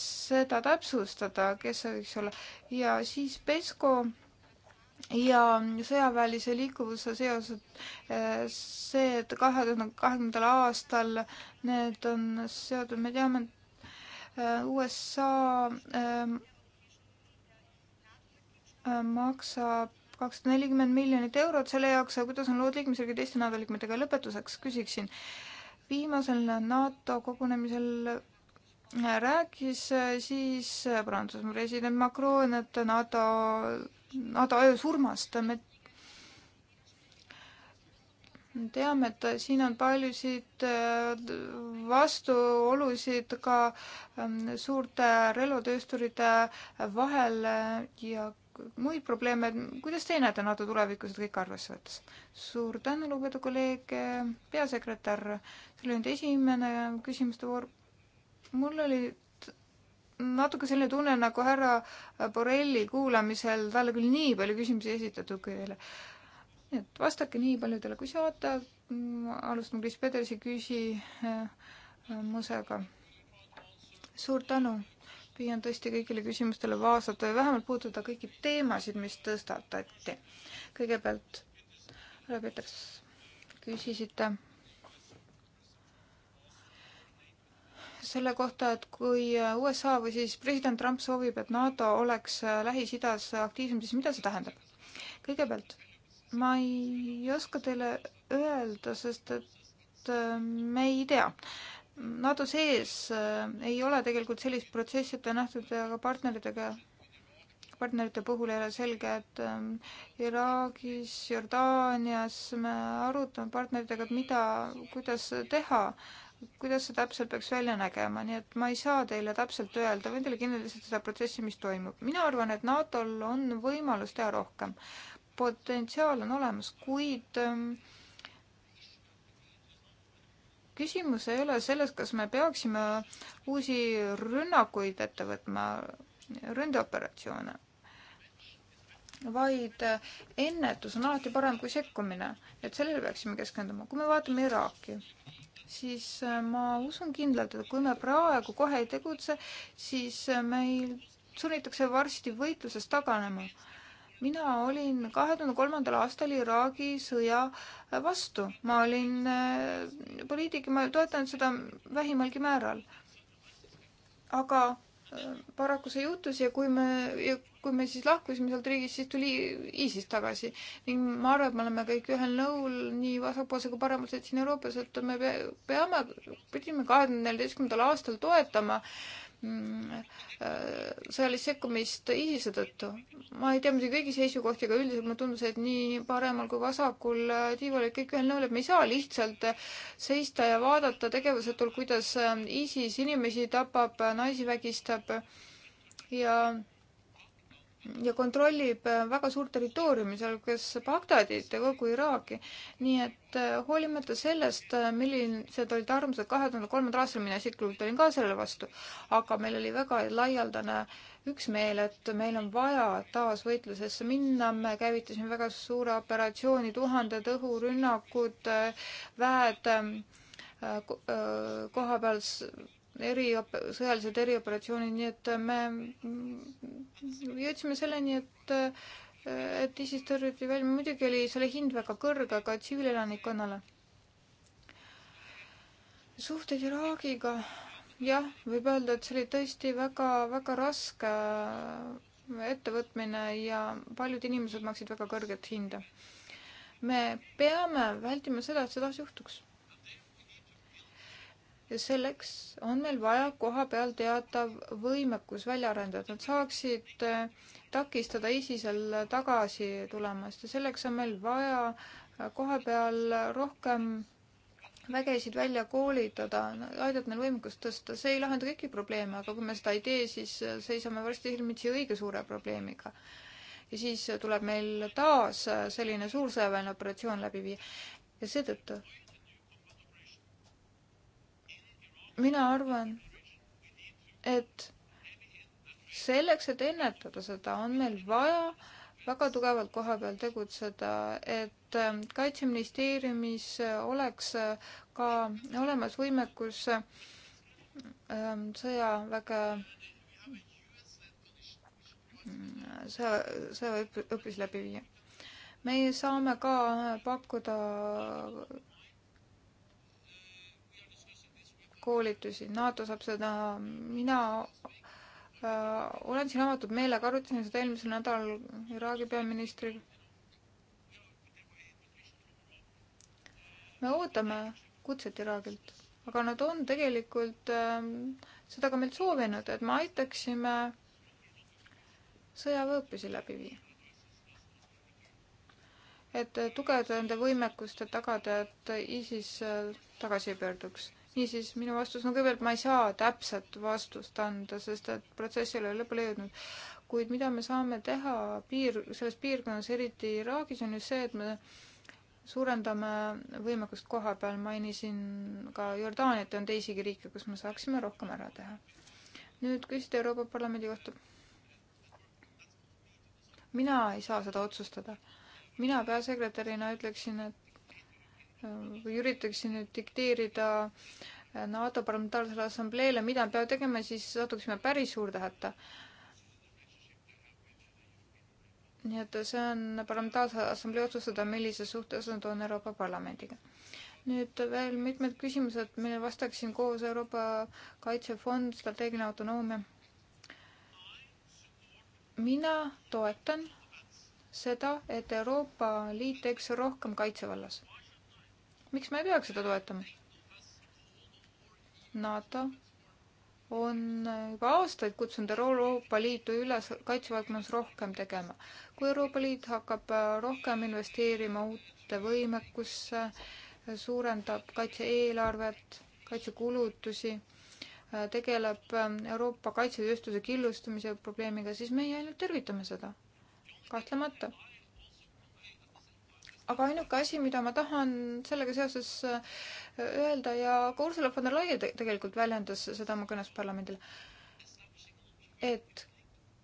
seda täpsustada, kes see võiks olla. ja siis Pesko ja sõjaväelise liikuvuse seos, et eh, see, et kahe tuhande kahekümnendal aastal need on seotud, me teame, et eh, USA eh, maksab kakssada nelikümmend miljonit eurot selle jaoks, aga kuidas on lood liikmesriigi teiste NATO liikmetega, lõpetuseks küsiksin. viimasel NATO kogunemisel rääkis siis Prantsusmaa president Macron, et NATO Nada öö surmast. me teame, et siin on paljusid äh, vastuolusid ka ähm, suurte relvatöösturite vahel äh, ja muid probleeme, et kuidas teie näete NATO tulevikus kõik arvesse võttes? suur tänu, lugupeetud kolleeg, äh, peasekretär, see oli nüüd esimene küsimuste voor. mul oli natuke selline tunne nagu härra Borrelli kuulamisel, talle küll nii palju küsimusi esitatud kui teile. nii et vastake nii paljudele, kui saate. alustame Kris Pedersi küsimusega. Äh, suur tänu. püüan tõesti kõigile küsimustele vastata ja vähemalt puudutada kõiki teemasid, mis tõstatati. kõigepealt, härra Peters, küsisite selle kohta, et kui USA või siis president Trump soovib, et NATO oleks Lähis-Idas aktiivsem, siis mida see tähendab? kõigepealt, ma ei oska teile öelda, sest et äh, me ei tea. NATO sees äh, ei ole tegelikult sellist protsessi ette nähtud ja ka partneritega, partnerite puhul ei ole selge, et äh, Iraagis, Jordaanias me arutame partneritega, et mida, kuidas teha kuidas see täpselt peaks välja nägema, nii et ma ei saa teile täpselt öelda, võin teile kinnitada seda protsessi, mis toimub. mina arvan, et NATO-l on võimalus teha rohkem. potentsiaal on olemas, kuid ähm, küsimus ei ole selles, kas me peaksime uusi rünnakuid ette võtma, ründeoperatsioone, vaid äh, ennetus on alati parem kui sekkumine, et sellele peaksime keskenduma. kui me vaatame Iraaki, siis äh, ma usun kindlalt, et kui me praegu kohe ei tegutse, siis äh, meil sunnitakse varsti võitlusest taganema. mina olin kahe tuhande kolmandal aastal Iraagi sõja äh, vastu, ma olin poliitik ja ma ei toetanud seda vähimalgi määral. aga paraku see juhtus ja kui me, kui me siis lahkusime sealt riigist, siis tuli ISIS tagasi ning ma arvan, et me oleme kõik ühel nõul nii vasakpoolse kui parempoolselt siin Euroopas, et me peame, pidime kahe tuhande neljateistkümnendal aastal toetama mm, äh, sõjalist sekkumist ISISe tõttu. ma ei tea muidugi kõigi seisukohti, aga üldiselt mulle tundus, et nii paremal kui vasakul äh, tiival olid kõik ühel nõul, et me ei saa lihtsalt äh, seista ja vaadata tegevusetult, kuidas ISIS inimesi tapab, naisi vägistab ja ja kontrollib äh, väga suurt territooriumi, sealhulgas Bagdadit ja kogu Iraaki. nii et äh, hoolimata sellest, äh, millised olid arvamused kahe tuhande kolmandal aastal, mina isiklikult olin ka selle vastu, aga meil oli väga laialdane üksmeel, et meil on vaja taas võitlusesse minna, me käivitasime väga suure operatsiooni, tuhanded õhurünnakud, väed ähm, koha peal eri, sõjalised erioperatsioonid, nii et me jõudsime selleni, et et ISIS tõrjuti välja, muidugi oli selle hind väga kõrge ka tsiviilelanikkonnale. suhted Iraagiga, jah, võib öelda, et see oli tõesti väga-väga raske ettevõtmine ja paljud inimesed maksid väga kõrget hinda. me peame vältima seda, et see taas juhtuks ja selleks on meil vaja koha peal teatav võimekus välja arendada, et nad saaksid eh, takistada ISISel tagasi tulemast ja selleks on meil vaja eh, koha peal rohkem vägesid välja koolitada, aidata neil võimekust tõsta, see ei lahenda kõiki probleeme, aga kui me seda ei tee, siis eh, seisame varsti silmitsi õige suure probleemiga. ja siis tuleb meil taas selline suur sõjaväeline operatsioon läbi viia ja seetõttu mina arvan, et selleks, et ennetada seda, on meil vaja väga tugevalt koha peal tegutseda, et ähm, Kaitseministeeriumis oleks äh, ka olemas võimekus sõjaväge äh, ähm, sõja, sõjaväeõppusi läbi viia. meie saame ka äh, pakkuda koolitusi, NATO saab seda, mina äh, olen siin avatud meelega, arutasin seda eelmisel nädalal Iraagi peaministriga. me ootame kutset Iraagilt, aga nad on tegelikult äh, seda ka meilt soovinud, et me aitaksime sõjaväeõppusi läbi viia et tugevda nende võimekust ja tagada, et ISIS äh, tagasi ei pöörduks niisiis, minu vastus on no, kõigepealt, ma ei saa täpset vastust anda, sest et protsess ei ole lõpule jõudnud. kuid mida me saame teha piir, selles piirkonnas, eriti Iraagis, on just see, et me suurendame võimekust koha peal, mainisin ka Jordaaniat ja on teisigi riike, kus me saaksime rohkem ära teha. nüüd küsida Euroopa Parlamendi kohta. mina ei saa seda otsustada. mina peasekretärina ütleksin, et või üritaksin nüüd dikteerida äh, NATO Parlamentaarsele Assambleele, mida me peame tegema, siis satuksime päris suurde hätta. nii et see on Parlamentaarse Assamblee otsustada, millises suhtes nad on Euroopa Parlamendiga. nüüd veel mitmed küsimused, millele vastaksin koos Euroopa Kaitsefond, strateegiline autonoomia. mina toetan seda, et Euroopa Liit teeks rohkem kaitsevallas miks me ei peaks seda toetama? NATO on juba aastaid kutsunud Euroopa Liitu üles kaitsevaldkonnas rohkem tegema. kui Euroopa Liit hakkab rohkem investeerima uute võimekusse, suurendab kaitse-eelarvet, kaitsekulutusi, tegeleb Euroopa kaitsetööstuse killustumise probleemiga, siis meie ainult tervitame seda, kahtlemata aga ainuke asi, mida ma tahan sellega seoses äh, öelda ja ka Ursula von der Leyen tegelikult väljendas seda oma kõnes parlamendile, et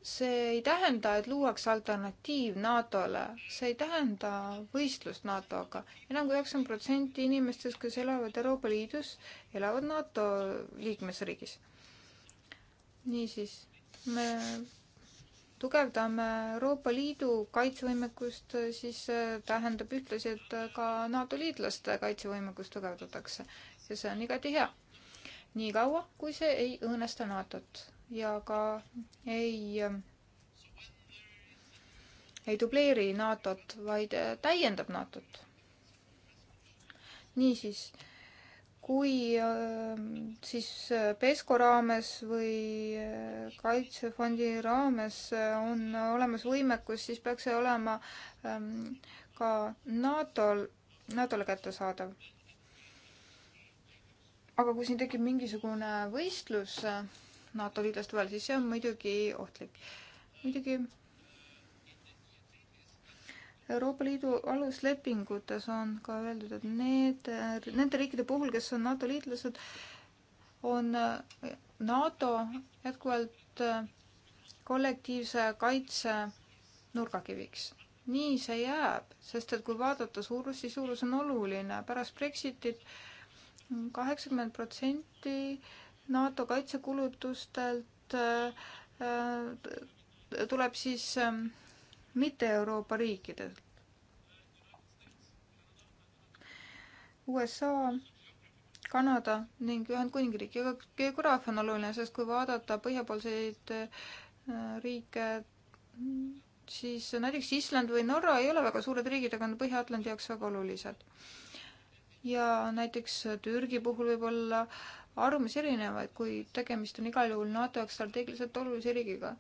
see ei tähenda, et luuakse alternatiiv NATO-le, see ei tähenda võistlust NATO-ga. enam kui üheksakümmend protsenti inimestest, kes elavad Euroopa Liidus, elavad NATO liikmesriigis. niisiis, me tugevdame Euroopa Liidu kaitsevõimekust, siis äh, tähendab ühtlasi, et äh, ka NATO liitlaste kaitsevõimekust tugevdatakse ja see on igati hea. niikaua, kui see ei õõnesta NATO-t ja ka ei, äh, ei dubleeri NATO-t, vaid täiendab NATO-t. niisiis kui ähm, siis äh, PESCO raames või äh, Kaitsefondi raames äh, on olemas võimekus, siis peaks see olema ähm, ka NATO-l, NATO-le kättesaadav. aga kui siin tekib mingisugune võistlus NATO liitlaste vahel, siis see on muidugi ohtlik. muidugi Euroopa Liidu aluslepingutes on ka öeldud, et need, nende riikide puhul, kes on NATO liitlased, on eh, NATO jätkuvalt eh, kollektiivse kaitse nurgakiviks. nii see jääb, sest et kui vaadata suurust, siis suurus on oluline. pärast Brexitit kaheksakümmend protsenti NATO kaitsekulutustelt eh, tuleb siis mitte Euroopa riikidelt. USA, Kanada ning Ühendkuningriik ja ka geograafia on oluline, sest kui vaadata põhjapoolseid äh, riike, siis näiteks Island või Norra ei ole väga suured riigid, aga on Põhja-Atlandi jaoks väga olulised. ja näiteks Türgi puhul võib olla arvamusi erinevaid, kuid tegemist on igal juhul NATO jaoks strateegiliselt olulise riigiga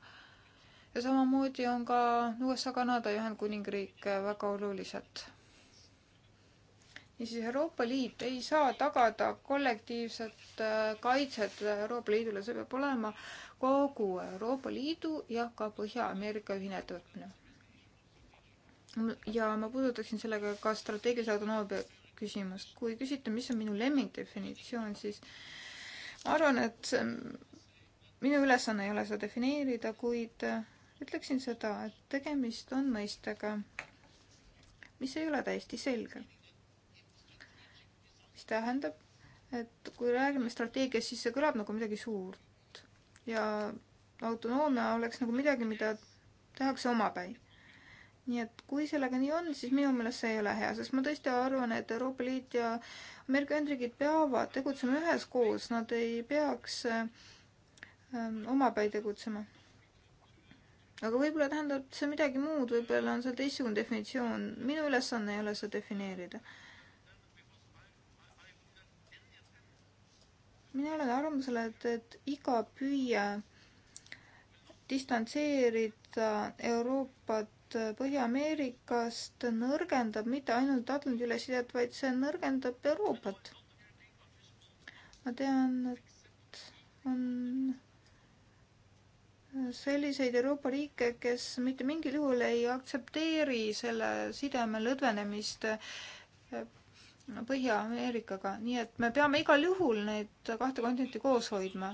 ja samamoodi on ka USA, Kanada ja Ühendkuningriik väga olulised. niisiis, Euroopa Liit ei saa tagada kollektiivset äh, kaitset Euroopa Liidule, see peab olema kogu Euroopa Liidu ja ka Põhja-Ameerika ühine ettevõtmine. ja ma puudutaksin sellega ka strateegilise autonoomia küsimust. kui küsite, mis on minu lemmikdefinitsioon, siis ma arvan, et minu ülesanne ei ole seda defineerida, kuid äh, ütleksin seda, et tegemist on mõistega, mis ei ole täiesti selge. mis tähendab, et kui räägime strateegiast, siis see kõlab nagu midagi suurt ja autonoomia oleks nagu midagi, mida tehakse omapäi. nii et kui sellega nii on, siis minu meelest see ei ole hea, sest ma tõesti arvan, et Euroopa Liit ja Ameerika Ühendriigid peavad tegutsema üheskoos, nad ei peaks ähm, omapäi tegutsema aga võib-olla tähendab see midagi muud, võib-olla on seal teistsugune definitsioon, minu ülesanne ei ole seda defineerida. mina olen arvamusel, et, et iga püüe distantseerida Euroopat Põhja-Ameerikast nõrgendab mitte ainult Atlandi ülesidet, vaid see nõrgendab Euroopat. ma tean, et on selliseid Euroopa riike, kes mitte mingil juhul ei aktsepteeri selle sideme lõdvenemist äh, Põhja-Ameerikaga, nii et me peame igal juhul neid kahte kontinenti koos hoidma.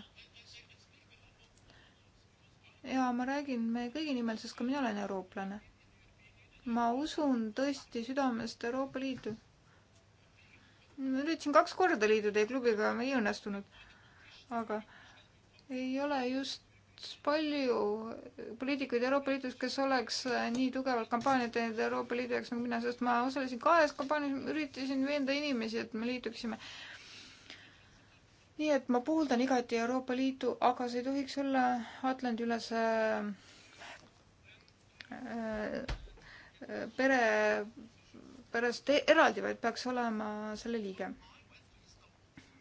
ja ma räägin meie kõigi nimel, sest ka mina olen eurooplane. ma usun tõesti südamest Euroopa Liitu. ma üritasin kaks korda liituda teie klubiga, ei õnnestunud. aga ei ole just palju poliitikuid Euroopa Liidus, kes oleks äh, nii tugevalt kampaaniat teinud Euroopa Liidu jaoks nagu mina, sest ma osalesin kahes kampaanias, üritasin veenda inimesi, et me liituksime. nii et ma pooldan igati Euroopa Liitu, aga see ei tohiks olla Atlandi-ülese äh, äh, pere, perest eraldi, vaid peaks olema selle liige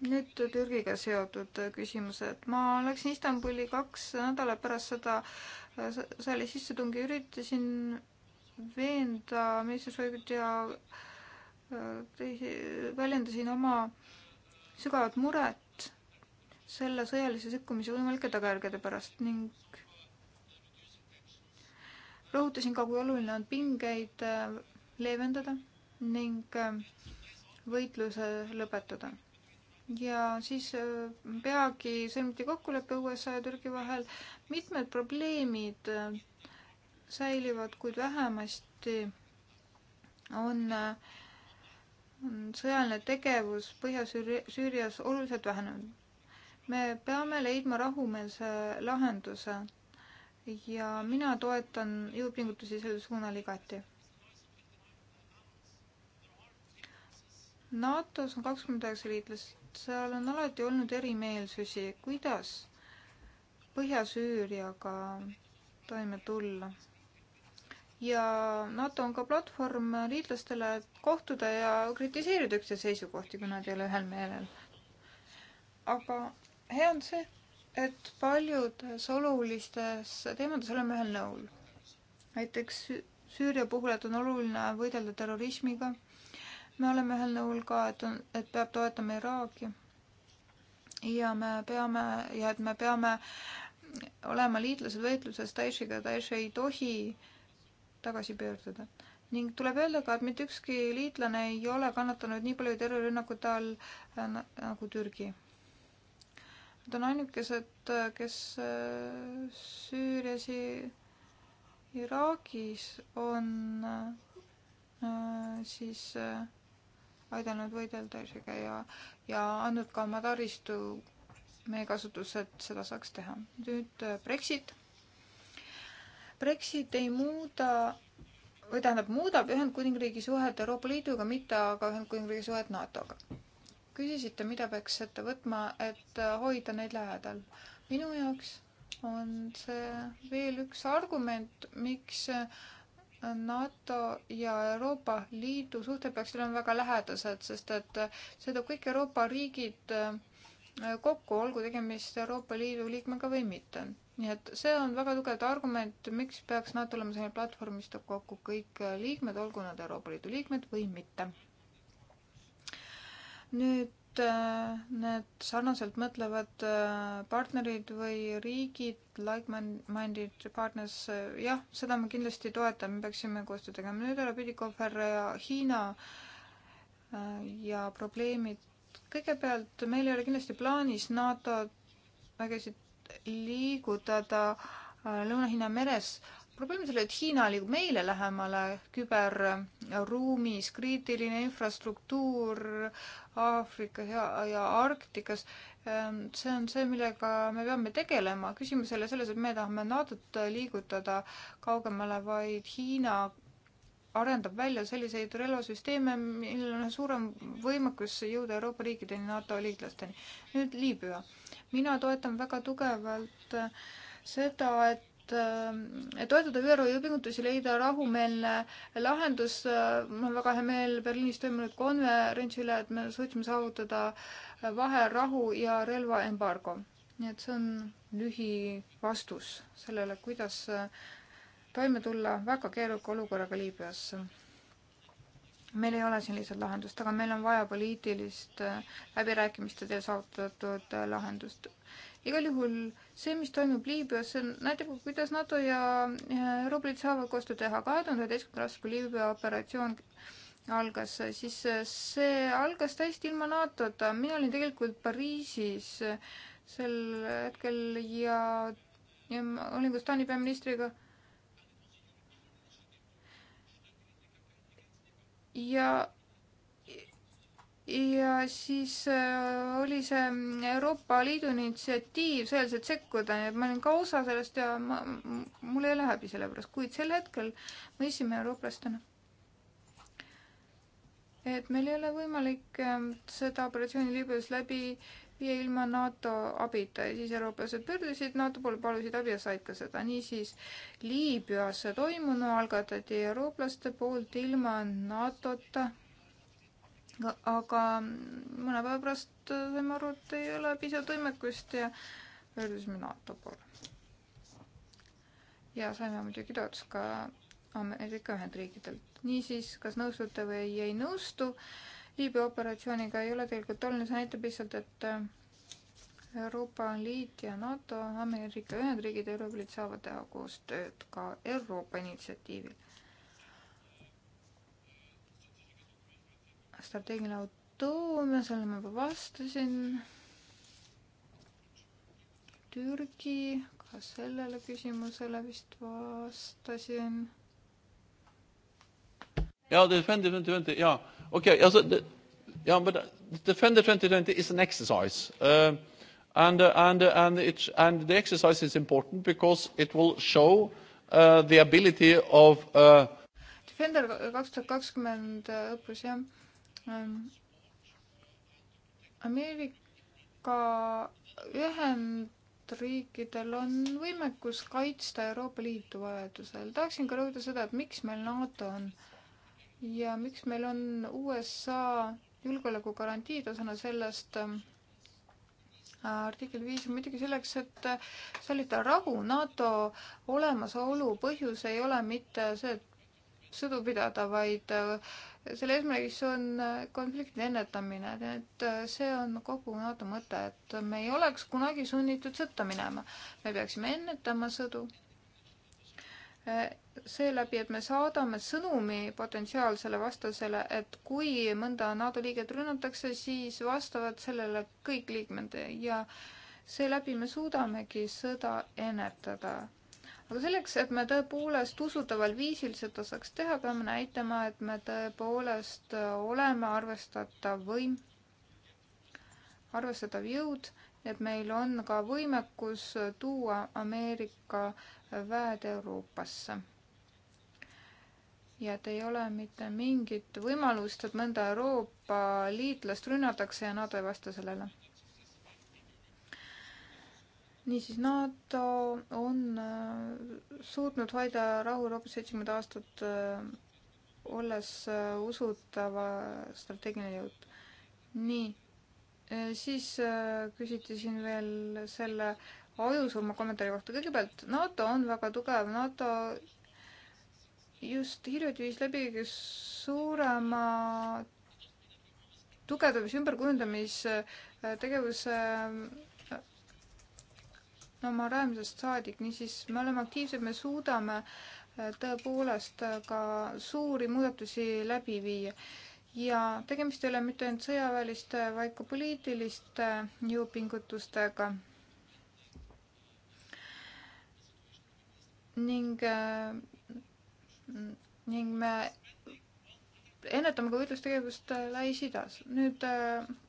nüüd Türgiga seotud küsimused. ma läksin Istanbuli kaks nädalat pärast seda äh, saali sissetungi, üritasin veenda meessusoigut ja äh, teisi, väljendasin oma sügavat muret selle sõjalise sekkumise võimalike tagajärgede pärast ning rõhutasin ka, kui oluline on pingeid äh, leevendada ning võitluse lõpetada ja siis äh, peagi sõlmiti kokkulepe USA ja Türgi vahel. mitmed probleemid äh, säilivad, kuid vähemasti äh, on sõjaline tegevus Põhja-Süürias oluliselt vähenenud. me peame leidma rahumeelse lahenduse ja mina toetan jõupingutusi sellel suunal igati NATO-s on kakskümmend üheksa liitlast seal on alati olnud erimeelsusi, kuidas Põhja-Süüriaga toime tulla. ja NATO on ka platvorm liitlastele, et kohtuda ja kritiseerida üksteise seisukohti, kui nad ei ole ühel meelel. aga hea on see, et paljudes olulistes teemades oleme ühel nõul. näiteks Süüria puhul, et on oluline võidelda terrorismiga me oleme ühel nõul ka, et on, et peab toetama Iraagi. ja me peame ja et me peame olema liitlased võitluses Daeshiga, Daesh ei tohi tagasi pöörduda. ning tuleb öelda ka, et mitte ükski liitlane ei ole kannatanud nii palju terrorirünnakute all äh, nagu Türgi. Nad on ainukesed, äh, kes äh, Süürias, Iraagis on äh, siis äh, aidanud võidelda isegi ja, ja andnud ka oma taristu meie kasutusse, et seda saaks teha. nüüd äh, Brexit. Brexit ei muuda või tähendab, muudab Ühendkuningriigi suhet Euroopa Liiduga, mitte aga Ühendkuningriigi suhet NATO-ga. küsisite, mida peaks ette võtma, et äh, hoida neid lähedal. minu jaoks on see veel üks argument, miks äh, NATO ja Euroopa Liidu suhted peaksid olema väga lähedased, sest et see toob kõik Euroopa riigid äh, kokku, olgu tegemist Euroopa Liidu liikmega või mitte. nii et see on väga tugev argument, miks peaks NATO olema selline platvorm, mis toob kokku kõik äh, liikmed, olgu nad Euroopa Liidu liikmed või mitte. nüüd Äh, need sarnaselt mõtlevad äh, partnerid või riigid, like-minded partners, äh, jah, seda me kindlasti toetame, peaksime koostööd tegema. nüüd härra Pidikofer ja Hiina ja probleemid. kõigepealt meil ei ole kindlasti plaanis NATO vägesid liigutada Lõuna-Hiina meres probleem on selle, et Hiina oli meile lähemale küberruumis, äh, kriitiline infrastruktuur Aafrikas ja, ja Arktikas. Ähm, see on see, millega me peame tegelema. küsimus ei ole selles, et me tahame NATO-t liigutada kaugemale, vaid Hiina arendab välja selliseid relvasüsteeme, millel on suurem võimekus jõuda Euroopa riikideni, NATO liitlasteni. nüüd Liibüa. mina toetan väga tugevalt äh, seda, et Äh, toetada ÜRO jõupingutusi leida rahumeelne lahendus. Äh, mul on väga hea meel Berliinis toimunud konverentsi üle, et me suutsime saavutada äh, vaherahu ja relvaembargo. nii et see on lühivastus sellele, kuidas toime tulla väga keeruka olukorraga Liibüas. meil ei ole siin lihtsalt lahendust, aga meil on vaja poliitilist läbirääkimiste teel saavutatud lahendust igal juhul see, mis toimub Liibüas, see näitab, kuidas NATO ja Euroopa Liit saavad koostööd teha. kahe tuhande üheteistkümnendal aastal, kui Liibüa operatsioon algas, siis see algas täiesti ilma NATO-ta. mina olin tegelikult Pariisis sel hetkel ja, ja ma olin koos Taani peaministriga ja ja siis äh, oli see Euroopa Liidu initsiatiiv sõjaliselt sekkuda ja ma olin ka osa sellest ja ma, mul ei ole häbi selle pärast, kuid sel hetkel mõistsime eurooplastena, et meil ei ole võimalik ähm, seda operatsiooni Liibüas läbi viia ilma NATO abita ja siis eurooplased pöördusid NATO poole, palusid abi ja said ka seda. niisiis Liibüas toimunu algatati eurooplaste poolt ilma NATO-ta aga mõne päeva pärast äh, saime aru, et ei ole piisavalt võimekust ja pöördusime NATO poole. ja saime muidugi toetust ka Ameerika Ühendriikidelt. niisiis, kas nõustute või ei, ei nõustu, Liibüa operatsiooniga ei ole tegelikult oluline, see näitab lihtsalt, et äh, Euroopa Liit ja NATO, Ameerika Ühendriigid ja Euroopa Liit saavad teha koostööd ka Euroopa initsiatiivil strateegiline autoomia, sellele ma juba vastasin. Türgi, ka sellele küsimusele vist vastasin. ja Defender twenty twenty ja okei okay,, also yeah, but Defender twenty twenty is an exercise uh,. And, uh, and, uh, and, it, and the exercise is important because it will show uh, the ability of uh, Defender kaks tuhat kakskümmend õppus jah Ähm, Ameerika Ühendriikidel on võimekus kaitsta Euroopa Liitu vajadusel. tahaksin ka rõhuda seda, et miks meil NATO on ja miks meil on USA julgeolekugarantiid osana sellest ähm, artikkel viis on muidugi selleks, et säilitada rahu. NATO olemasolu põhjus ei ole mitte see, et sõdu pidada, vaid äh, selle eesmärgiks on äh, konflikti ennetamine, et äh, see on kogu NATO mõte, et me ei oleks kunagi sunnitud sõtta minema. me peaksime ennetama sõdu seeläbi, et me saadame sõnumi potentsiaalsele vastasele, et kui mõnda NATO liiget rünnatakse, siis vastavad sellele kõik liikmed ja seeläbi me suudamegi sõda ennetada aga selleks, et me tõepoolest usutaval viisil seda saaks teha, peame näitama, et me tõepoolest äh, oleme arvestatav võim, arvestatav jõud, et meil on ka võimekus tuua Ameerika väed Euroopasse ja et ei ole mitte mingit võimalust, et mõnda Euroopa liitlast rünnatakse ja NATO ei vasta sellele niisiis, NATO on äh, suutnud hoida rahu Euroopas seitsekümmend aastat, äh, olles äh, usutav strateegiline jõud. nii, siis küsiti siin veel selle ajusurma kommentaari kohta. kõigepealt, NATO on väga tugev, NATO just hiljuti viis läbi kõige suurema tugevdamise ümberkujundamistegevuse äh, oma rajamisest saadik, niisiis me oleme aktiivsed, me suudame äh, tõepoolest äh, ka suuri muudatusi läbi viia ja tegemist ei ole mitte ainult sõjaväeliste, vaid ka poliitiliste äh, jõupingutustega. ning, ning me ennetame ka võitlustegevust Lähis-Idas. nüüd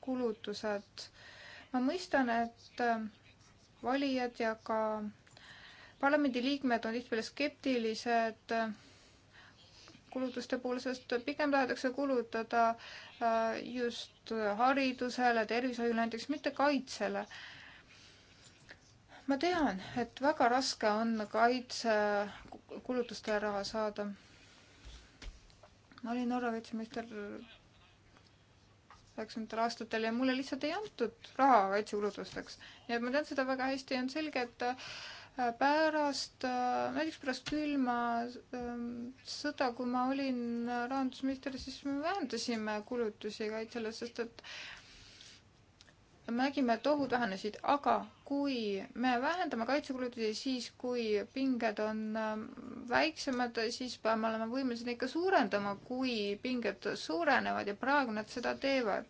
kulutused. ma mõistan, et valijad ja ka parlamendiliikmed on tihtipeale skeptilised äh, kulutuste puhul, sest pigem tahetakse kulutada äh, just haridusele, tervishoiule näiteks, mitte kaitsele. ma tean, et väga raske on kaitsekulutustele raha saada. ma olin Norra kaitseminister üheksakümnendatel aastatel ja mulle lihtsalt ei antud raha kaitsekulutusteks. nii et ma tean seda väga hästi ja on selge, et äh, pärast, äh, näiteks pärast külma ähm, sõda, kui ma olin äh, rahandusminister, siis me vähendasime kulutusi kaitsele, sest et äh, nägime, et ohud vähenesid, aga kui me vähendame kaitsekulutusi siis, kui pinged on ähm, väiksemad, siis peame olema võimelised ikka suurendama, kui pinged suurenevad ja praegu nad seda teevad.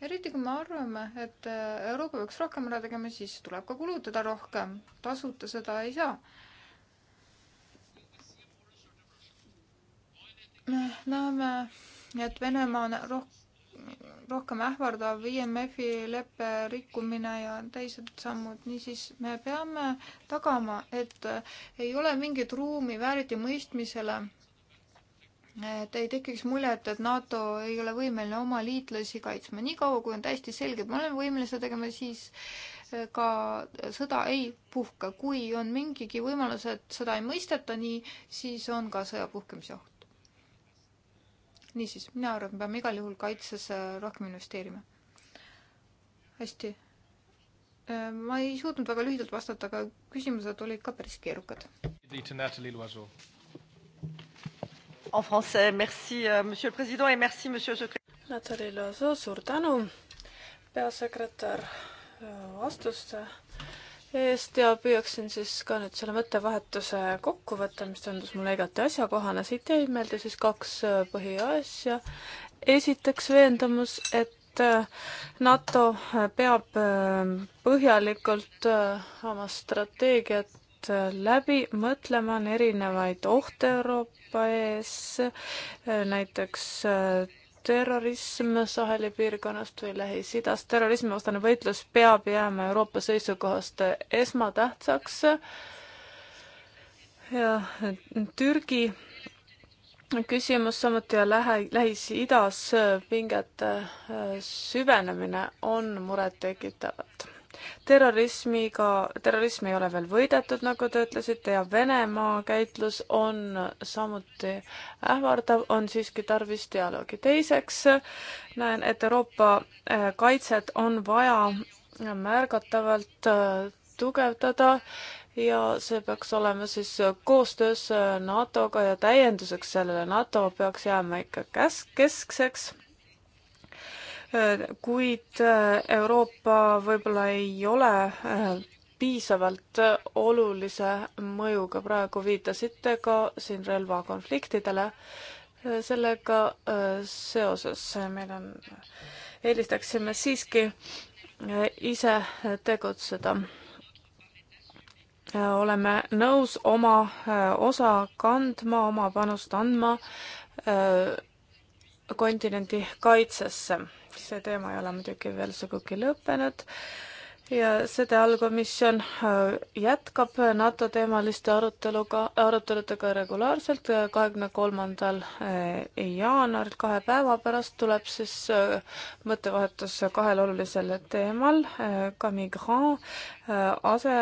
eriti kui me arvame, et äh, Euroopa peaks rohkem ära tegema, siis tuleb ka kulutada rohkem, tasuta seda ei saa. me näeme, et Venemaa on rohkem rohkem ähvardav IMF-i leppe rikkumine ja teised sammud, niisiis me peame tagama, et ei ole mingit ruumi vääritimõistmisele. et ei tekiks muljet, et NATO ei ole võimeline oma liitlasi kaitsma, niikaua kui on täiesti selge, et me oleme võimelised seda tegema, siis eh, ka sõda ei puhka. kui on mingigi võimalus, et sõda ei mõisteta nii, siis on ka sõja puhkemise oht niisiis, mina arvan, et me peame igal juhul kaitsesse äh, rohkem investeerima. hästi. Äh, ma ei suutnud väga lühidalt vastata, aga küsimused olid ka päris keerukad. En français, merci euh, Monsieur le Président et merci Monsieur le Secrétaire. Nathalie Loiseau, suur tänu, peasekretär, äh, vastuste eest ja püüaksin siis ka nüüd selle mõttevahetuse kokku võtta, mis tundus mulle igati asjakohane. siit jäi meelde siis kaks äh, põhiasja. esiteks veendumus, et äh, NATO äh, peab põhjalikult oma strateegiat läbi mõtlema, on erinevaid ohte Euroopa ees, näiteks terrorism Saheli piirkonnast või Lähis-Idast, terrorismivastane võitlus peab jääma Euroopa seisukohast esmatähtsaks. ja Türgi küsimus samuti ja lähe, Lähis-Idas pingete süvenemine on murettekitavad terrorismiga, terrorism ei ole veel võidetud, nagu te ütlesite, ja Venemaa käitlus on samuti ähvardav, on siiski tarvis dialoogi. teiseks näen, et Euroopa eh, kaitset on vaja märgatavalt eh, tugevdada ja see peaks olema siis koostöös eh, NATO-ga ja täienduseks sellele NATO peaks jääma ikka käsk-, keskseks kuid äh, Euroopa võib-olla ei ole äh, piisavalt äh, olulise mõjuga, praegu viitasite ka siin relvakonfliktidele. sellega seoses meil on, eelistaksime siiski ise tegutseda oleme nõus oma osa kandma, oma panust andma kontinendi kaitsesse see teema ei ole muidugi veel sugugi lõppenud ja seda allkomisjon äh, jätkab NATO teemaliste aruteluga, aruteludega regulaarselt. Äh, kahekümne kolmandal äh, jaanuaril, kahe päeva pärast tuleb siis mõttevahetus kahel olulisel teemal, ka migrant ase